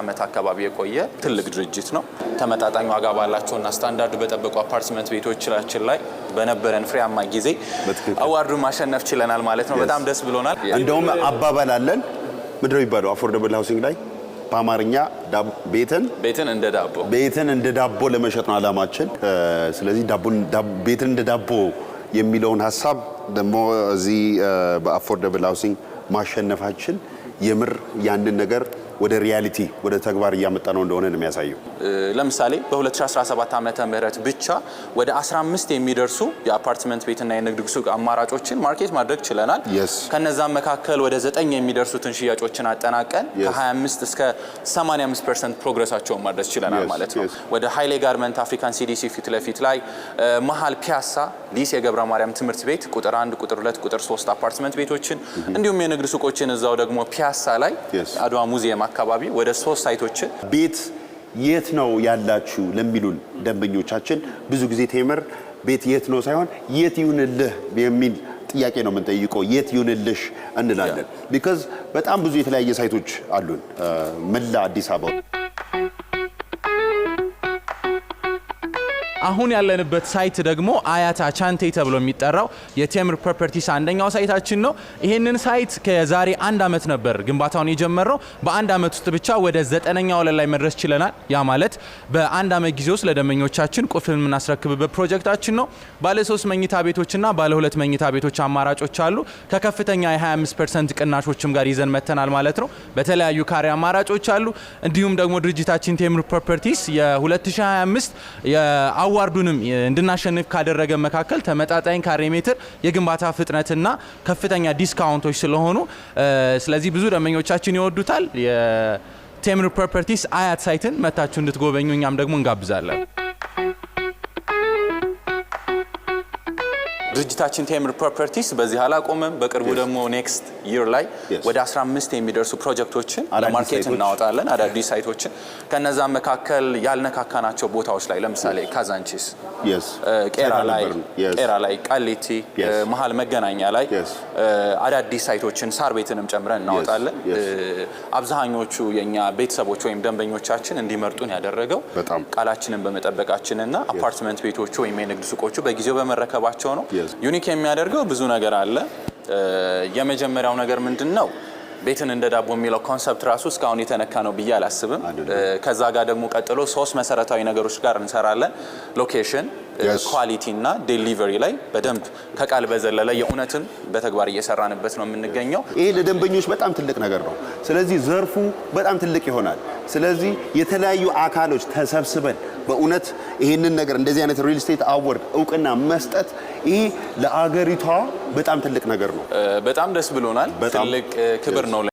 ዓመት አካባቢ የቆየ ትልቅ ድርጅት ነው። ተመጣጣኝ ዋጋ ባላቸውና ስታንዳርድ በጠበቁ አፓርትመንት ቤቶቻችን ላይ በነበረን ፍሬያማ ጊዜ አዋርዱ ማሸነፍ ችለናል ማለት ነው። በጣም ደስ ብሎናል። እንደውም አባባል አለን ምድረ የሚባለው አፎርደብል ሃውሲንግ ላይ በአማርኛ ቤትን ቤትን እንደ ዳቦ ቤትን እንደ ዳቦ ለመሸጥ ነው አላማችን ስለዚህ ቤትን እንደ ዳቦ የሚለውን ሀሳብ ደግሞ እዚህ በአፎርደብል ሃውሲንግ ማሸነፋችን የምር ያንን ነገር ወደ ሪያሊቲ ወደ ተግባር እያመጣ ነው እንደሆነ ነው የሚያሳየው። ለምሳሌ በ2017 ዓመተ ምህረት ብቻ ወደ 15 የሚደርሱ የአፓርትመንት ቤትና የንግድ ሱቅ አማራጮችን ማርኬት ማድረግ ችለናል። ከነዛም መካከል ወደ 9 የሚደርሱትን ሽያጮችን አጠናቀን ከ25 እስከ 85 ፐርሰንት ፕሮግረሳቸውን ማድረስ ችለናል ማለት ነው። ወደ ሀይሌ ጋርመንት አፍሪካን ሲዲሲ ፊት ለፊት ላይ መሀል ፒያሳ ሊስ የገብረ ማርያም ትምህርት ቤት ቁጥር 1 ቁጥር 2 ቁጥር 3 አፓርትመንት ቤቶችን እንዲሁም የንግድ ሱቆችን እዛው ደግሞ ፒያሳ ላይ አድዋ ሙዚየም አካባቢ ወደ ሶስት ሳይቶችን ቤት የት ነው ያላችሁ ለሚሉን ደንበኞቻችን ብዙ ጊዜ ቴምር ቤት የት ነው ሳይሆን የት ይሁንልህ የሚል ጥያቄ ነው የምንጠይቀው። የት ይሁንልሽ እንላለን። ቢካዝ በጣም ብዙ የተለያየ ሳይቶች አሉን መላ አዲስ አበባ አሁን ያለንበት ሳይት ደግሞ አያት አቻንቴ ተብሎ የሚጠራው የቴምር ፕሮፐርቲስ አንደኛው ሳይታችን ነው። ይህንን ሳይት ከዛሬ አንድ ዓመት ነበር ግንባታውን የጀመረው። በአንድ ዓመት ውስጥ ብቻ ወደ ዘጠነኛ ወለል ላይ መድረስ ችለናል። ያ ማለት በአንድ ዓመት ጊዜ ውስጥ ለደንበኞቻችን ቁልፍ የምናስረክብበት ፕሮጀክታችን ነው። ባለ ሶስት መኝታ ቤቶችና ባለ ሁለት መኝታ ቤቶች አማራጮች አሉ። ከከፍተኛ የ25 ፐርሰንት ቅናሾችም ጋር ይዘን መተናል ማለት ነው። በተለያዩ ካሬ አማራጮች አሉ። እንዲሁም ደግሞ ድርጅታችን ቴምር ፕሮፐርቲስ የ2025 አዋርዱንም እንድናሸንፍ ካደረገ መካከል ተመጣጣኝ ካሬ ሜትር የግንባታ ፍጥነትና ከፍተኛ ዲስካውንቶች ስለሆኑ ስለዚህ ብዙ ደንበኞቻችን ይወዱታል። የቴምር ፕሮፐርቲስ አያት ሳይትን መታችሁ እንድትጎበኙ እኛም ደግሞ እንጋብዛለን። ድርጅታችን ቴምር ፕሮፐርቲስ በዚህ አላቆመም። በቅርቡ ደግሞ ኔክስት ይር ላይ ወደ 15 የሚደርሱ ፕሮጀክቶችን ለማርኬት እናወጣለን፣ አዳዲስ ሳይቶችን። ከነዛ መካከል ያልነካካናቸው ቦታዎች ላይ ለምሳሌ ካዛንቺስ፣ ቄራ ላይ፣ ቃሊቲ፣ መሀል መገናኛ ላይ አዳዲስ ሳይቶችን ሳር ቤትንም ጨምረን እናወጣለን። አብዛኞቹ የእኛ ቤተሰቦች ወይም ደንበኞቻችን እንዲመርጡን ያደረገው ቃላችንን በመጠበቃችንና አፓርትመንት ቤቶቹ ወይም የንግድ ሱቆቹ በጊዜው በመረከባቸው ነው። ያያዝ ዩኒክ የሚያደርገው ብዙ ነገር አለ። የመጀመሪያው ነገር ምንድን ነው? ቤትን እንደ ዳቦ የሚለው ኮንሰፕት ራሱ እስካሁን የተነካ ነው ብዬ አላስብም። ከዛ ጋር ደግሞ ቀጥሎ ሶስት መሰረታዊ ነገሮች ጋር እንሰራለን ሎኬሽን ኳሊቲ እና ዴሊቨሪ ላይ በደንብ ከቃል በዘለለ የእውነትን በተግባር እየሰራንበት ነው የምንገኘው። ይሄ ለደንበኞች በጣም ትልቅ ነገር ነው። ስለዚህ ዘርፉ በጣም ትልቅ ይሆናል። ስለዚህ የተለያዩ አካሎች ተሰብስበን በእውነት ይህንን ነገር እንደዚህ አይነት ሪል ስቴት አወርድ እውቅና መስጠት ይሄ ለአገሪቷ በጣም ትልቅ ነገር ነው። በጣም ደስ ብሎናል። ትልቅ ክብር ነው።